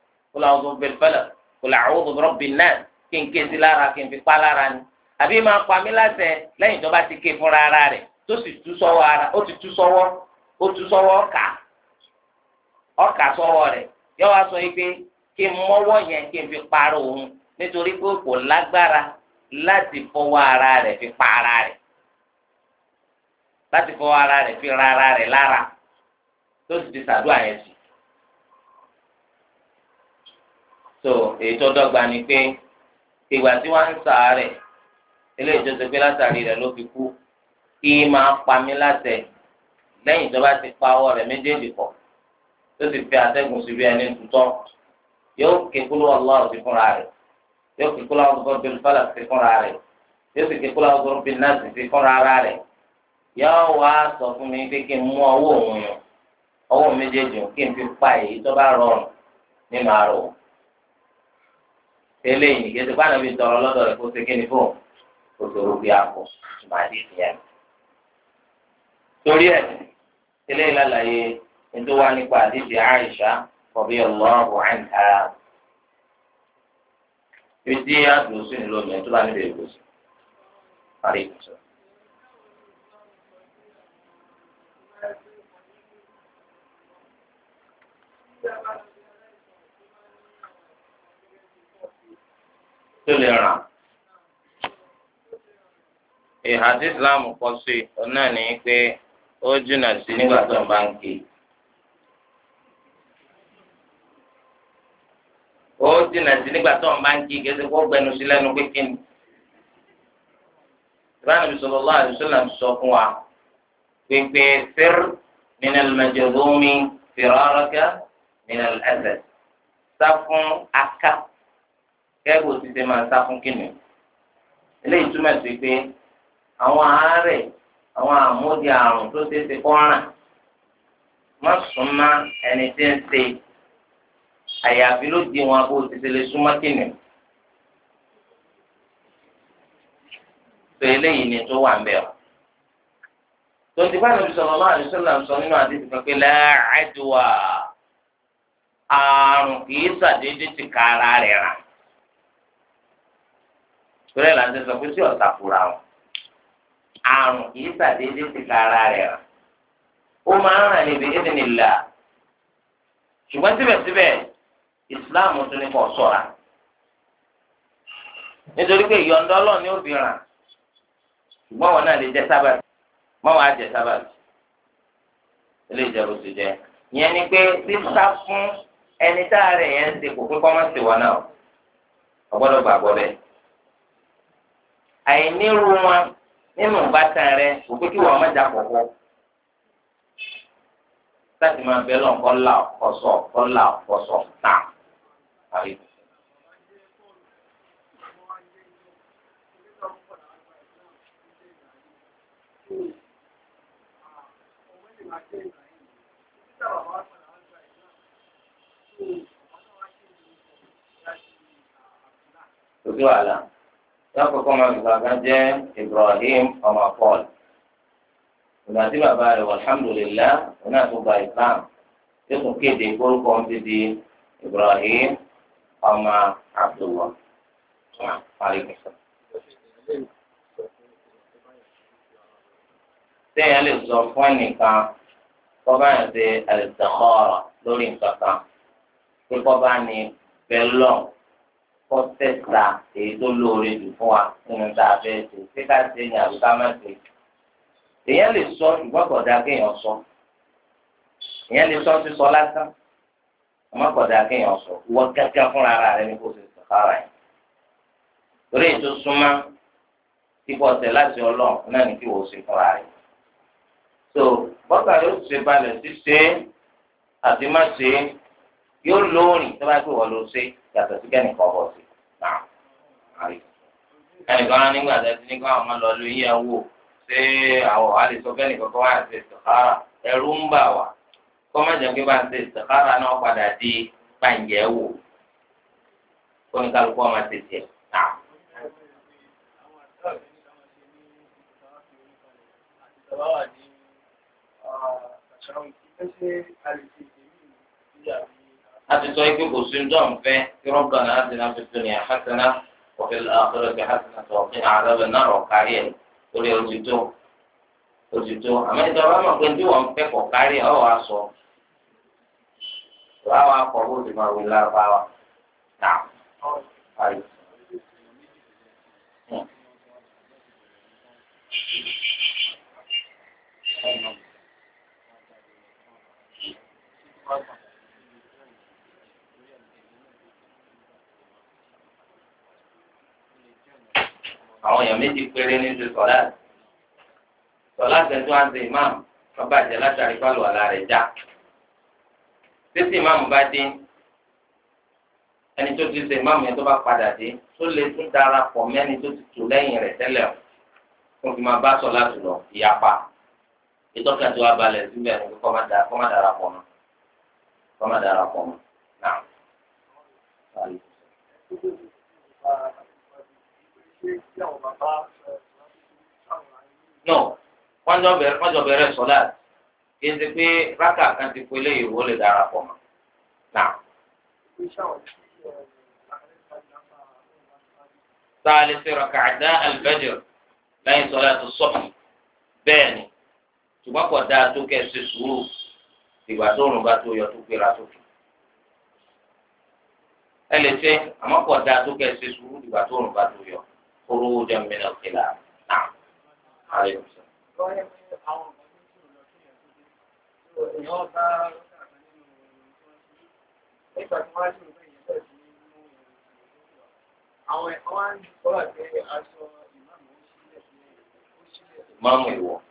kul a'udhu bil falaq kul a'udhu bi rabbin nas kí n ké sí lára kí n fi pa lára ni àbí máa pa mí láṣẹ lẹ́yìn tó bá ti ké fúnra ara rẹ̀ tó sì tú sọ́wọ́ ara ó ti tú sọ́wọ́ ó tú sọ́wọ́ ọ̀kà ọ̀kà sọ́wọ́ rẹ̀ yọ wá sọ pé kí n mọ́wọ́ yẹn kí n fi parọ́ òun nítorí pé kò lágbára láti fọwọ́ ara rẹ̀ fi pa ara rẹ̀ láti fọwọ́ ara rẹ̀ fi ra ara rẹ̀ lára tó sì ti ṣàdúrà yẹn sí so èyí tó dọ́gba ni pé ìgbà tí wọ́n ń ṣàárẹ̀ eléyìí tó ṣe pé látàrí rẹ̀ ló fi kú kí máa pa mí láṣẹ lẹ́yìn tó bá ti pa ọwọ́ rẹ̀ méjèèjì pọ̀ tó sì fi àtẹ́gùn sí bí ẹni tutọ́ yóò kékulú ọlọ́run sí fúnra rẹ̀ yóò kékulú àwọn gbọ́dọ̀ bíi fàlà sí fúnra rẹ̀ yóò sì kékulú àwọn bíi náà sí fúnra ara rẹ̀ yóò wá sọ fún mi pé kí n mú ọwọ́ òun yàn ọwọ́ méjèèjì kí n fi pa èyí tó bá rọrùn nínú àrò òun eléyìí nìyẹn tó bá nàbí tọrọ lọ́dọ̀ rẹ̀ kó ṣe kí ni fún kó sọ̀rọ̀ bí akọ ìmọ̀ àdé ìyẹn. torí ẹ̀ eléyìí lálàyé ètò wa nípa àdéhìí Àìṣà kọ̀bí ọlọ́ọ̀bù àǹtà. ibi tí a dùn sí ni lónìí tó bá níbi ègbòsí. tó lè ràn. ìhà tí islam kọ sí ọ̀nà ni pé ó jìnnà sí nígbà tó ń bá ń kí. ó jìnnà sí nígbà tó ń bá ń kí kí ẹsẹ̀ kó gbẹnu sí lẹ́nu pé kí ni. ìbáraẹni sallallahu alaihi wasallam sọ fún wa pépé sir min al-majzumi firaraka min al sá fún akápò kẹ́ẹ̀bù ti ṣe máa sá fún kìnìún. eléyìí túmọ̀ sí pé àwọn àárẹ̀ àwọn àmúdi àrùn tó ṣe é ṣe kọ́ràn má súnmọ́ ẹni tí ń ṣe àyàfi ló di wọn bó ti ṣe lè súnmọ́ kìnìún. sọ eléyìí ni tó wà ń bẹ̀ ọ́ tonti bá nàbì sallallahu alaihi wasallam sọ nínú àdìsí kan pé láàdùwà àrùn kìí sàdédé ti ka ara rẹ̀ rà torí là ń sọ pé tí ọ̀sà fura wọn àrùn kì í sàdédé ti ka ara rẹ̀ rà ó máa ń ràn níbi ìdìnnìlà ṣùgbọ́n síbẹ̀síbẹ̀ ìsìláàmù tún ní kò sọ̀ra nítorí pé ìyọ̀ǹda ọlọ́ọ̀ni ó fi ràn ṣùgbọ́n wọn náà lè jẹ sábàtì mọ́ wàá jẹ sábàtì ilé ìjẹun ti jẹ ìyẹn ni pé sísá fún ẹni tá a rẹ̀ yẹn ń ṣe kò pé kọ́ mọ́ sí wọn náà ọgbọ́dọ̀ gbàgbọ́ bẹ́ẹ̀ àìnírú wọn nínú ìbátan rẹ kò pé kí wọn má jà kọ̀kọ́ láti máa bẹ lọ́n kọ́lá ọ̀kọ́sọ̀ kọ́lá ọ̀kọ́sọ̀ tà àrí. Òkè wàhálà lákòókò máa gbà kan jẹ́ Ibrahim ọmọ Paul ìgbà tí bàbá rẹ̀ alhamdulillah òun náà tó gba Islam yóò tún kéde orúkọ ń ti di Ibrahim ọmọ Abdullah ṣùgbọ́n àríkè sọ. lè sọ fún ẹnìkan kọ́ bá yàn ṣe àlìsàkọ́ọ̀rọ̀ lórí nǹkan kan pé kọ́ bá ní bẹ́ẹ̀ lọ́ọ̀ kọ́fẹ́ ta èyí tó lóore jù fún wa nínú tá a fẹ́ ṣe ṣé ká ṣe ní àbí ká má ṣe. èèyàn lè sọ ṣùgbọ́n kọ̀dá kéèyàn sọ èèyàn lè sọ sísọ lásán àmọ́ kọ̀dá kéèyàn sọ ìwọ gángan fúnra ara rẹ ní kò ṣe sàkárà yẹn. torí ètò súnmọ́ kíkọ́ ọ̀sẹ̀ láti ọlọ́run náà ní kí wọ́n ṣe fúnra rẹ̀. so bọ́tà yóò ṣe balẹ̀ ṣíṣe àti má ṣe yóò lóòrìn tó bá gbé wọ́n lọ ṣe yàtọ̀ sí kẹ́ni kọ́ bọ̀ sí náà àrí. ẹnì kan nígbà tó ti ní kó àwọn máa lọ lu yíyá wò ṣé àwọn àlè sọ kẹ́ni kọ́kọ́ wà ṣe sàkárà ẹ̀rú ń bà wá kọ́ má jẹ́ pé bá ṣe sàkárà náà padà di pàǹjẹ́ wò kó ní kálukú ọmọ ṣe tiẹ̀ náà. Thank you àtúntò ikú kò sí ndọ́ nfẹ́ kí rọ́bìnrin àti náà fi tún ní àhásánà òfin àkọlẹ̀ fi hásánà tó ọ̀kìn àdábẹ̀ náà rọ̀ kárí ẹ̀ lórí òtítọ́ òtítọ́ àmọ́ ìjọba máa pé tí wọ́n fẹ́ kọ̀ kárí ẹ̀ ọ̀ wá sọ wá wá kọ̀ bó ti máa wí lárúbá wa náà parí. Thank hmm. you. àwọn èèyàn méjì péré ní ṣe sọlá sọlá tẹ̀síwá ń ṣe ìmáàmù wọn bá jẹ látàrí pálọ̀ àlá rẹ̀ já títí imam bá dé ẹni tó ti ṣe ìmáàmù yẹn tó bá padà dé tó lè tún darapọ̀ mẹ́ni tó ti tò lẹ́yìn rẹ̀ tẹ́lẹ̀ wọn fi máa bá sọlá tù lọ ìyapa ìtọ́ka tó wá síbẹ̀ ní kọ́ má darapọ̀ mọ́ kọ́ má darapọ̀ mọ́ náà no wọ́n jọ bẹ̀rẹ̀ sọ́lá kí n ti pé rákà kan ti pé léyìí ó lè darapọ̀ mọ́ náà. ثالث ركعتا الفجر لين صلاة الصبح بيني ṣùgbọ́n kò dáa tó kẹ́ ẹ ṣe sùúrù ìgbà tó rùn bá tó yọ tó gbéra sókè ẹ lè ṣe àmọ́ kò dáa tó kẹ́ sùúrù ìgbà tó rùn bá tó yọ. خروجا من الخلاف نعم عليكم السلام àwọn ẹ̀kọ́ wá ń bọ́ àgbẹ̀ aṣọ ìmáàmù wọ́n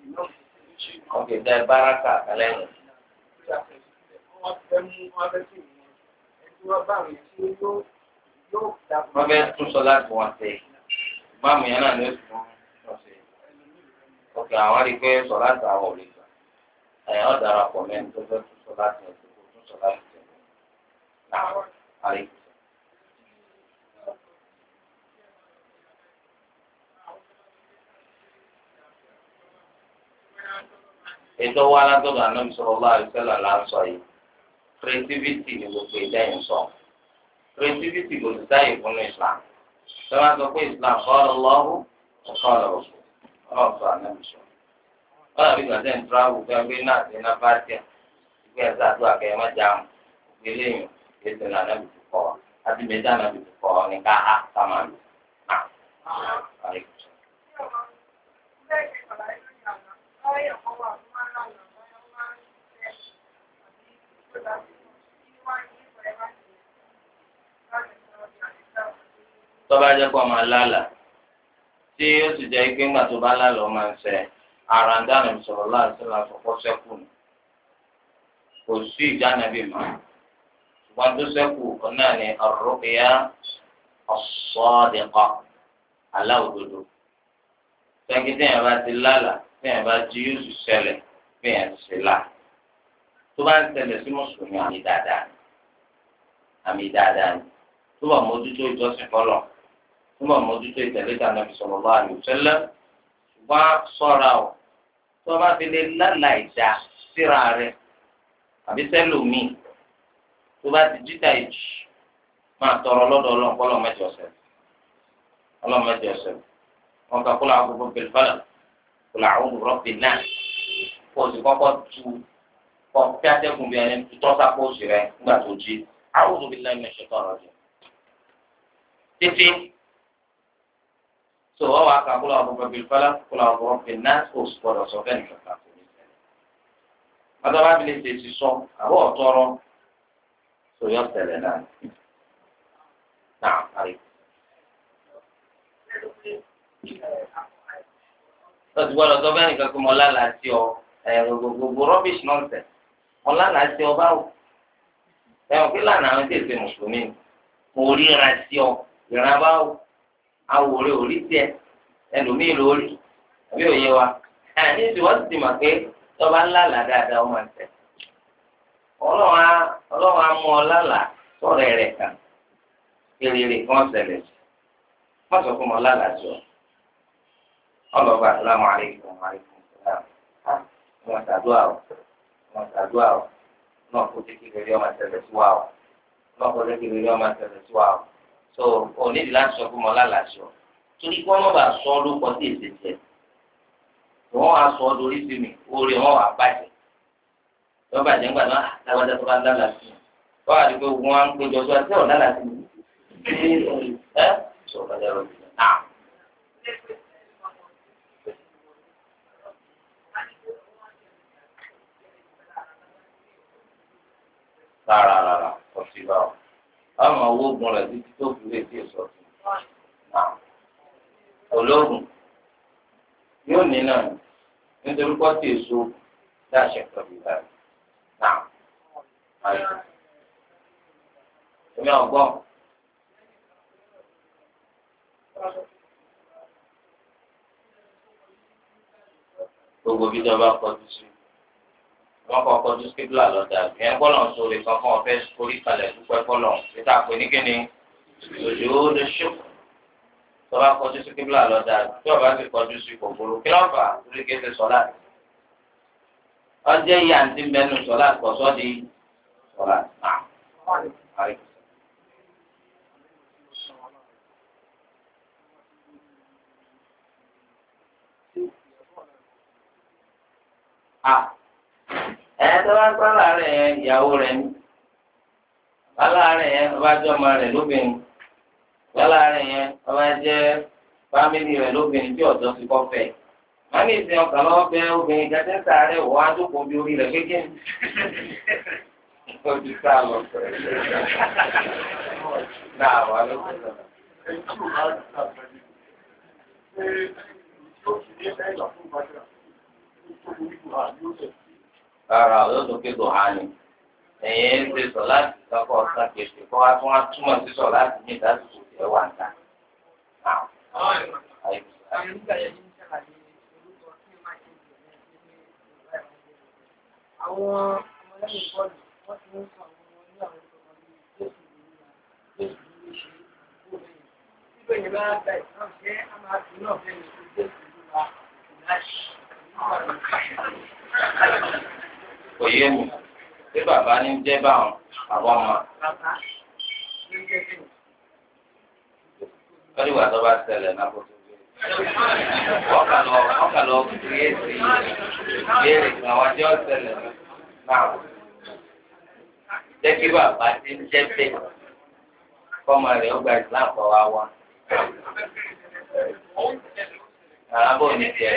fẹ́ tún sọ láti wọ́n sẹ́yìn ìmáàmù yẹn náà ní oṣù fún ọ̀sẹ̀ òkè àwọn rí i pé sọlá ti àwọn ò lè gbà ẹ̀yìn ọ̀ dára pọ̀ mẹ́ni tó fẹ́ tún sọlá ti ẹ̀ tó tún sọlá ti ẹ̀ náà àrí. ètò wa látọ̀dọ̀ ànábi sọ̀rọ̀ bá àbísẹ́là láǹsọ yìí creativity ni gbogbo ìdẹ́yìn sọ creativity kò sí fún Islam sọ́wọ́ sọ pé islam kọ́ọ̀lọ́ lọ́wọ́ kọ́ọ̀lọ́ ọ̀sùn ọlọ́ọ̀sọ ànábìsọ. ọlọ́ọ̀ bí gbàdé ń tura àwùjọ gbé náà sí iná fásitì ìgbé ẹ̀sà àdó àkẹ́yẹ má jà mú ìgbé lẹ́yìn ètò ìlànà bìtì àti mẹ́ta náà bìtì ní ká á sá máa lò. tọ́ba jẹ́ kó máa lálà tí ó sì jẹ́ pé ńgbà tó bá lálà ó máa ń sẹ́ ara ń dáná sọ̀rọ̀ láti ṣe àfọ̀kọ́ sẹ́kù nù kò sí ìdánabi mọ́ ṣùgbọ́n tó sẹ́kù kan náà ni ar-ruqya as-sadiqa aláwòdodo tẹ́kí tẹ́yìn bá ti lálà tẹ́yìn bá ti yóò sì ṣẹlẹ̀ bẹ́ẹ̀ ń là tó bá ń ṣẹlẹ̀ sí mùsùlùmí àmì dáadáa àmì dáadáa tó bá mójútó ìjọsìn fọlọ́ọ̀ nígbà mọ́tútù ìtẹ̀lé tá a nàbì sọ̀rọ̀ bá a lò sẹ́lẹ̀ ṣùgbọ́n sọ́ra o tó bá fi lè lálà ìjà síra rẹ̀ àbí sẹ́lòmíì tó bá ti jíta ìjì máa tọrọ lọ́dọ̀ ọlọ́run kọ́ ọlọ́run mẹ́jọ sẹ́lẹ̀ ọlọ́run mẹ́jọ sẹ́lẹ̀ wọn kà kúlọ̀ àgùnbọ̀ bẹ̀rẹ̀ fọlọ̀ kúlọ̀ àwọn rọ́bì náà kó o tu kọ́ fí bí ẹni tọ́sà kó o nígbà tó jí àwọn òbí lẹ́yìn mẹ́sẹ̀ tọ̀rọ̀ jù so wọ́n wá ká kúlọ̀ ọ̀bọ̀ bẹ̀bí fọlá kúlọ̀ ọ̀bọ̀ bẹ̀bí náà kò gbọdọ̀ sọ fẹ́ nìkan kan kò ní ṣẹlẹ̀. pátápá fi lè ṣe ti sọ àbọ̀ ọ̀tọ́rọ̀ tó yọ ṣẹlẹ̀ náà. náà parí. lọ sí gbọdọ̀ sọ fẹ́ nìkan kó mọ lálàá ọ gbogbo rubbish nonsense mọ lálàá ọ báwo. ẹ̀wọ̀n pé lánàá àwọn tí mùsùlùmí mo ríra sí ọ ìran awòrè orí tiẹ̀ ẹlòmíì lórí àbí òye wa ẹni tí wọ́n ti mọ̀ pé tọ́ba ńlá là dáadáa ó máa tẹ̀. ọlọ́run á ọlọ́run á mú ọ lálà sọ̀rọ̀ ẹ̀rẹ̀ kan kéréré kan ṣẹlẹ̀ sí má sọ fún ọ lálà sí ọ. ọlọ́ba asalaamu aleykum aleykum ah, ọmọ sàdúrà o ọmọ sàdúrà o náà kó tẹ́kí ọmọ ṣẹlẹ̀ sí wa o náà kó tẹ́kí ọmọ ṣẹlẹ̀ sí wa o so onídìí láti sọ fún mọ́lá làṣọ torí kí wọ́n má bàa sọ ọ́ lóko sí èsì tiẹ̀ wọ́n á sọ ọ́ lórí sí mi oore wọn wà bàjẹ́ wọ́n bàjẹ́ ńgbà náà àtàwọn ah, tó bá ń dára sí i wọ́n á rí i pé wọ́n á ń péjọ sọ àti ọ̀dà láti mi ẹ́ sọ bàjẹ́ rẹ̀ ọmọ owó gun rẹ̀ títí tó fi létí ìsọ̀ olóògùn yóò ní náà nítorí pọ́ tí èso dáṣẹ pẹ̀lú ìbáyìí náà ayé èmi ọgbọ́n. gbogbo bí dọ́ba kọjú sí wọn kọ kọjú síbílà lọdà ìyẹn kọ́ lọ́n sórí kankan ọ̀fẹ́ orí kalẹ̀ dúpẹ́ kọ́ lọ́n títà pé ní kíni òjò ó lè ṣòkò tọ́ba kọjú síbílà lọdà tí ọba ti kọjú sí kòkòrò kí lọ́n fà lórí kéde sọ́lá ọjọ́ ìyá àti mẹ́nu sọ́lá di sọ́lá náà. Ah. ah. ẹ̀yìn tó bá ń sá yẹn ìyàwó rẹ̀ ní bá láàárín yẹn ọba jẹ́ ọmọ rẹ̀ lóbìnrin bá láàárín yẹn ọba jẹ́ fámìlì rẹ̀ lóbìnrin tí ọ̀dọ́ ti kọ́ fẹ́ wọ́n ní ìsìn ọkàn lọ́wọ́ bẹ obìnrin gẹ́gẹ́ sáré wọ́n á bí orí rẹ̀ ojú rárá yóò tún ké dùhà ni ẹ̀yìn ń ṣe sọ láti kakọ ọ̀sán kejì kọ́ wá tí wọ́n túmọ̀ sí sọ láti ní ìdásùkò ẹ̀ wà ń ta. àwọn ọmọlẹ́yìn bọ́ọ̀lù wọ́n ti ń sọ àwọn ọmọ ní àwọn ìṣòro ní jésù ìlú jésù ìlú ṣe kó lẹ́yìn síbẹ̀ yẹn bá gba ìtàn jẹ́ àmàtì náà bẹ́ẹ̀ ni jésù ìlú wa kò láṣì kò yé mi pé bàbá ní jẹ́ báwọn àwọn ọmọ. wọ́n ní wà tó bá ṣẹlẹ̀ náà kó tó gbé. wọ́n kà lọ wọ́n kà lọ kúrẹ́ sí ìbéèrè kan wọ́n jẹ́ ọ̀sẹ̀lẹ̀ náà. jẹ́ kí bàbá ti ń jẹ́ bẹ́ẹ̀ kọ́mọ rẹ̀ ó gba ìsìláàmù kọ́ wa wá. Àràbò ní tiẹ̀.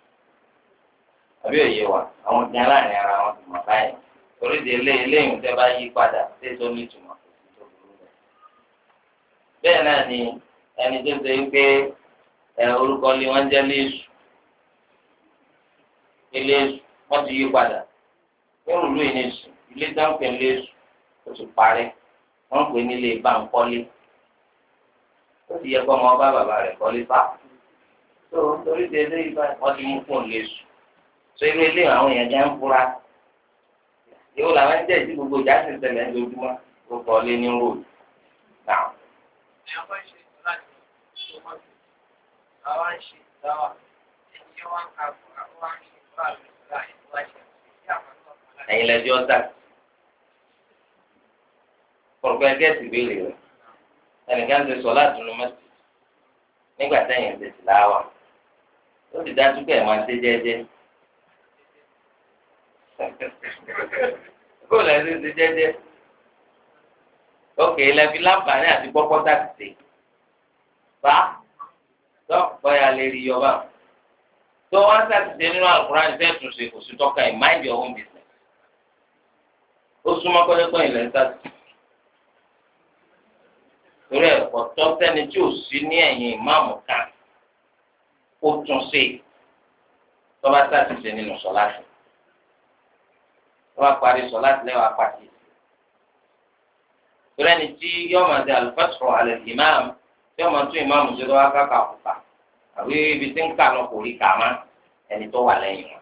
àbí òye wa àwọn tí aláàrin ara wọn ti mọ̀ báyìí torí de ilé eléyìí tẹ́ bá yí padà ṣé tó ní ìtumọ̀ tó burú bẹ́ẹ̀. bẹ́ẹ̀ náà ni ẹni tó ṣe ń pé ẹ orúkọ ni wọ́n jẹ́ léṣu léṣu wọ́n ti yí padà nínú ìlú yìí léṣu ilé dáńpẹ́ léṣu ó ti parẹ́ wọ́n pè ní ilé báńkọ́lé ó ti yẹ kó ọmọ bá bàbá rẹ̀ kọ́lé fáà tó torí de ilé ìbá wọ́n ti mú fóun léṣu sọ irú ilé àwọn èèyàn jẹ́ ń fura yóò làwọn ń jẹ́ ìdí gbogbo ìjà sì ṣẹlẹ̀ lójúmọ́ gbogbo ọ̀lẹ́ ní rò náà. ẹ̀yin lẹ́jọ́ ọ̀tá kọ̀ọ̀kan ẹgbẹ́ ti béèrè rẹ̀ ẹnìkan ti sọ láti nu mẹ́tì nígbà tẹ̀yìn ti ti láwà ó sì dájú pé ẹ̀ máa ń ṣe jẹ́jẹ́ kó lè ṣe ṣe jẹ́jẹ́ ókè lẹbi láǹfààní àti gbọ́kọ́ tàbí ṣe bá tó bọ́yá lè rí yọba tó wá tàbí ṣe nínú àkùrá ní fẹ́ẹ́ tún ṣe kò sí tọ́ka ẹ̀ mind your own business ó súnmọ́ pẹ́ẹ́pẹ́ ilẹ̀ ń tàbí torí ẹ̀ ọ̀tọ́ sẹ́ni tí ò sí ní ẹ̀yìn ìmáàmù kan ó tún ṣe tó bá tàbí ṣe nínú sọ́láṣí wá parí sọ láti lẹ́wọ̀ apàtì. Ìrẹ́ ni tí yóò máa di àlùfẹ́sọ̀ àlẹ́ ìmáàmù tí yóò máa tún ìmáàmù tó lọ́wọ́ káka òkúta. Àbí ibi tí ń kà lọ kò rí kà má ẹni tó wà lẹ́yìn wọn.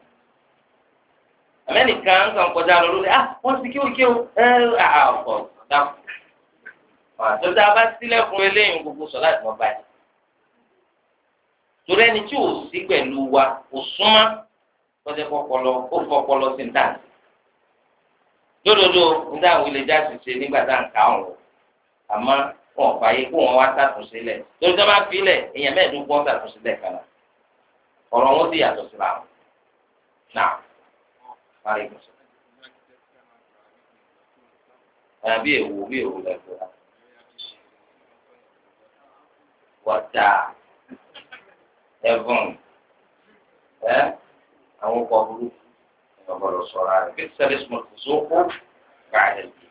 Amẹ́nìkan ń kàn kọjá lọ lórí, ah, wọ́n ti kí òkè o, ẹ ẹ ọ̀pọ̀ dákú. Àtọ́jú abá sílẹ̀kùn eléyìí gbogbo sọ láti mọ báyìí. Torí ẹni tí ò sí pẹ̀lú wa, ò súnmọ́, kọ́jẹ́ fọpọlọ, ó fọpọlọ sí ń dododo níta àwọn ìlẹjà ti ṣe nígbà tá à ń kà ọ̀hún àmọ́ wọn ò fààyè kó wọn wá ṣàtúnṣe lẹ̀ lórí tó bá fi lẹ̀ èèyàn mẹ́ẹ̀ẹ́dógún lẹ̀ kan ọ̀rọ̀ wọn sì yàtọ̀ ọgbọ́dọ̀ sọ̀rọ̀ rẹ̀ bí sẹ́lẹ̀ sọ̀rọ̀ sókó gbà rẹ̀ bí.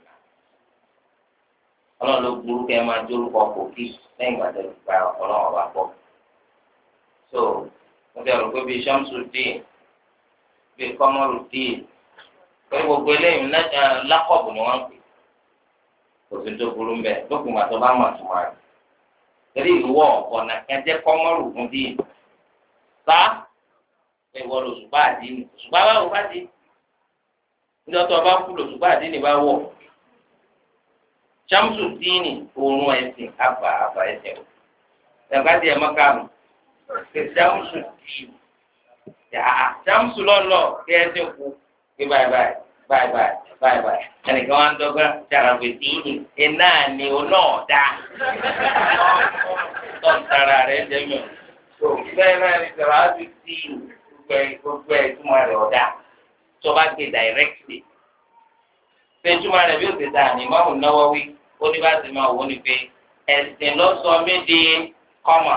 ọlọ́run ló burú kẹ́ máa dórúkọ kòkí lẹ́yìn ìgbà tó so mo ti rò pé bíi shamsu dín bíi kọ́mọ́rù dín pé gbogbo eléyìí lákọ̀bù ni wọ́n ń pè kò sí tó burú mbẹ lókùn àti ọba mọ̀ tó máa rẹ̀ torí ẹwọ lòṣùpá àdínì òṣùpá báwo bá ti níjọ́ tó o bá kú lòṣùpá àdínì bá wọ̀ sàmùsù dínì òórùn ẹ̀sìn àbà àbà ẹ̀sìn o ẹ̀ka tiẹ̀ mọ́ká mi sàmùsù dínì sàmùsù lọ́lọ́ kí ẹ̀sìn kú kí báyìí báyìí báyìí báyìí báyìí báyìí ẹnìkan wá ń dọ́gba sàràfẹ̀ dínì iná ni o náà dá tọ́ntara rẹ̀ jẹ́mi o bẹ́ẹ̀ náà ni sàràfẹ̀ dínì gbogbo ẹ gbogbo ẹ túmọ̀ rẹ̀ ọ̀dà tó bá gbé directly ṣé túmọ̀ rẹ̀ bí ó ti ta ní mọ́mù náwó wí ó ní bá ti máa wò ó ní pé ẹ̀sìn ló sọ mí di kọ́mà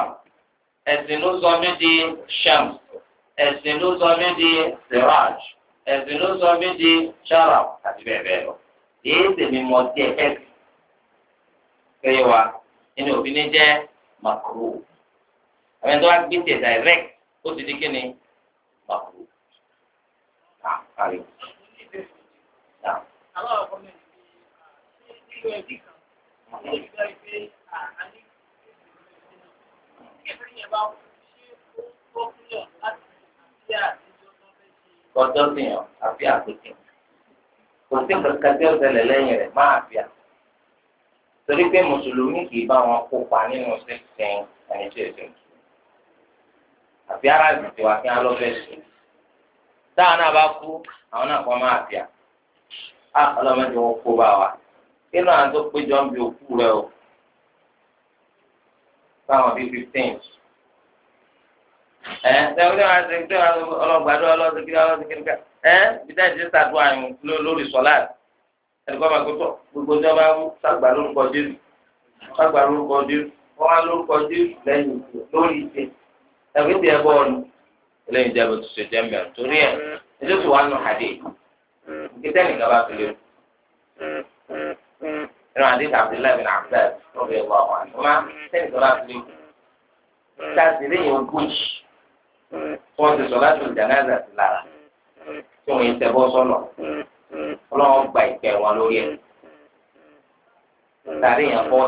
ẹ̀sìn ló sọ mí di shams ẹ̀sìn ló sọ mí di siraj ẹ̀sìn ló sọ mí di sharaf àti bẹ́ẹ̀ bẹ́ẹ̀ lọ èyí tèmi mọ díẹ̀ ẹ̀sìn kẹ́yẹ wa nínú òbí ní jẹ́ makro àwọn ẹni tó wá gbé tẹ̀ direct ó ti di kí ni pàbó. Àkàrí. Aláwọ̀ ni ṣé ẹbí kan ṣé ìgbà ìgbé àní kébìrì yẹn bá ṣé ó tó fúnyàn láti ṣe àtijọ́ tó fẹ́ ṣe. Kọjọ́ fihàn àfi àpèkè. Kò sí kankan tí ó ṣẹlẹ̀ lẹ́yìn rẹ̀ máa fi à. Torí pé Mùsùlùmí kì í bá wọn kópa nínú sísìn ẹni tí èsì ń àfi ara ìgbìtì wa kí wọn lọ fẹẹ sùn táwọn náà bá kú àwọn náà kọ́ máa bíà á ọlọ́mọdé wọn kó bá wa kí ló àwọn tó péjọ ń bi òkú rẹ o fáwọn bíi fifteen ẹ sẹ́wọ́n tí wọ́n á ṣe kí wọ́n ọlọ́gbàdo ọlọ́sìn kí wọ́n kí nìkan ẹ bíjá ìdí sàdúrà yìí lórí sọ́lá ẹ̀dùkọ́ máa gbé tọ̀ gbogbo ọjọ́ bá wú sàgbà lórúkọ Jésù sàgbà lórúkọ Jésù wọ́n á lórúkọ Jésù lẹ́yìn lórí ìṣe ẹ̀rí ti ẹ̀bọ ọ̀nù eléyìí jẹ́ bótu ṣe jẹ́ mẹ́rin torí ẹ̀ ẹjọ́ tó wà nù hàdí kíkẹ́ nìkan bá fi lé o. inú hàdí Abdullahi bin Abbas lọ́bẹ̀ ẹ̀wọ̀ àwọn àtúmá kíkẹ́ nìkan bá fi lé o. táàsì lẹ́yìn ogójì tí wọ́n ti sọ láti ìjànáza sí lára tí wọ́n yẹn tẹ̀bọ́ sọ́nà ọlọ́wọ́n gba ìpẹ́ lórí ẹ̀. tàrí yẹn fọ́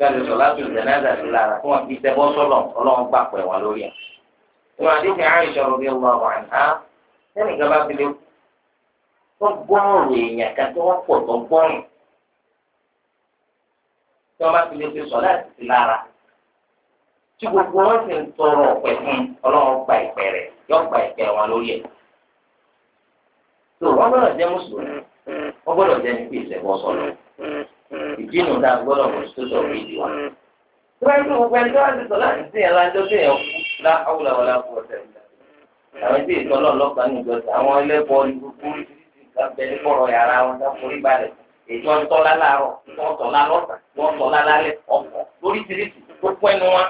sẹ́ni sọ̀lá tó jẹ̀nẹ́dà sí lára fún wọn fi tẹ́bọ́ sọ́lọ̀ ọlọ́run gbà pẹ̀ wá lórí ẹ̀. ìwà àdéhùn àìsàn rẹ̀ wà wà ní á sẹ́ni gaba fi lé tó gbọ́ọ̀rù èèyàn kan tó wọ́n pọ̀ tó gbọ́ọ̀rù tí wọ́n bá fi fi sọ̀lá sí lára tí gbogbo wọn sì ń tọrọ ọ̀pẹ fún ọlọ́run gba ìpẹ́ rẹ̀ yọ gba ìpẹ́ wọn lórí ẹ̀. tó wọ́n gbọ́dọ̀ jẹ́ mùsùlùmí wọ́n gbọ́dọ̀ jẹ́ nípa ìṣẹ̀bọ sọ̀lọ̀ ìdínú dá gbọ́dọ̀ kò tó sọ fún ìdíwá. tí wọ́n ti gbogbo ẹni tó wá ti sọ láti sìn ẹ̀ lájọ́ tó yẹ kú lá awúláwọ̀ lápò ọ̀sẹ̀ àwọn tí ìtọ́ náà lọ́kàn ní ìjọsìn àwọn ẹlẹ́bọ ní gbogbo oríṣiríṣi nǹkan bẹ ní kọ̀rọ̀ yàrá wọn ká forí balẹ̀ èyí wọn tọ́ lálàárọ̀ wọn tọ́ lálọ́sà wọn tọ́ lálálẹ́ ọkọ̀ lóríṣiríṣi tó pẹ́ nu wọn.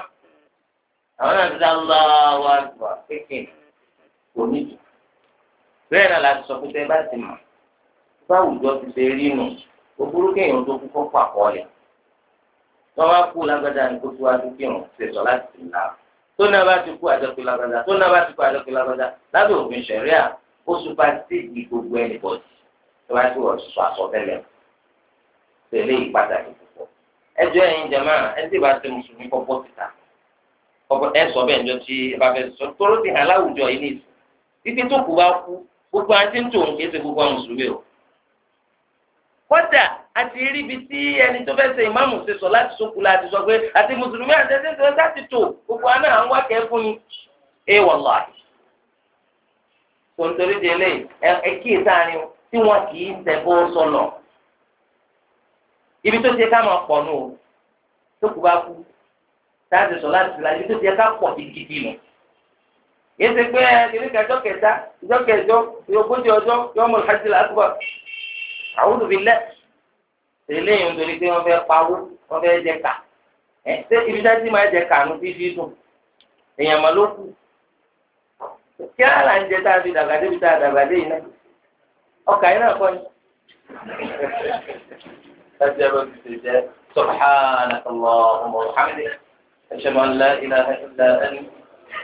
àwọn náà ti dá lọ́wọ́ àgbà kékeré kò níjù. bẹ́ẹ̀ náà la sọ pé tẹ́ bá ti mọ̀ báwùjọ ti ṣe rí nù òbúrú kéèyàn tó kú kó kó àkọọ́lẹ̀ wọn bá kú lágbádá ní kótó wá dúkìá wọn ṣe sọ láti sìn náà tó náà bá ti kú àjọpé lágbádá tó náà bá ti kú àjọpé lágbádá lábẹ́ òfin ṣẹ̀ríà ó súpa sí ìdí gbogbo ẹnì bọ̀dì tó bá ti wọ̀ sọ àsọtẹ́lẹ̀ tẹ̀lé ìpàtàkì púpọ̀ ẹjọ́ ẹ̀yin jẹ̀má ẹ ti bá ti mùsùlùmí kọ́ bọ́ síta ẹ sọ bẹ́ẹ̀ njọ́ tí ẹ bá fẹ́ sọ tóró ti hàn láwùjọ yìí nìyí kódà àti ríbi tí ẹni tó fẹ́ ṣe ìmáàmù ṣe sọ láti sókù láti sọ pé àti mùsùlùmí àti ẹsẹ̀ ṣe láti tò gbogbo àná à ń wá kẹ́ fún ni ẹ wọ̀lọ́ àti. kòńtórí di eléyìí ẹ kí èsà ni tí wọn kì í tẹ̀bọ́ sọ̀nà ibi tó ti ká máa pọ̀ nù o tó kù bá kú táàtì sọ láti la ibi tó ti ká pọ̀ gidigidi nù yéé ṣe pé kìnnìkan jọ́ kẹta jọ́ kẹjọ àwùjọ bíi lẹ tẹ́lẹ̀ yìí ń torí pé wọn fẹ́ẹ́ pawó wọn fẹ́ẹ́ jẹ ká ẹ ṣé ibi dájú máa jẹ kànú bí bí dùn èèyàn máa ló kù kí á là ń jẹ tá a fi dàgbà débi tá a dàgbà yìí náà ọkà yìí náà kọ́ ni. ẹsẹ̀ bá ti ṣe jẹ́ سبحانك اللهم وبحمدك أشهد أن لا إله إلا أنت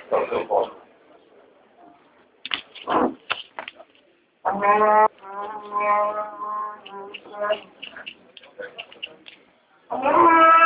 أستغفرك Thank you. Thank you.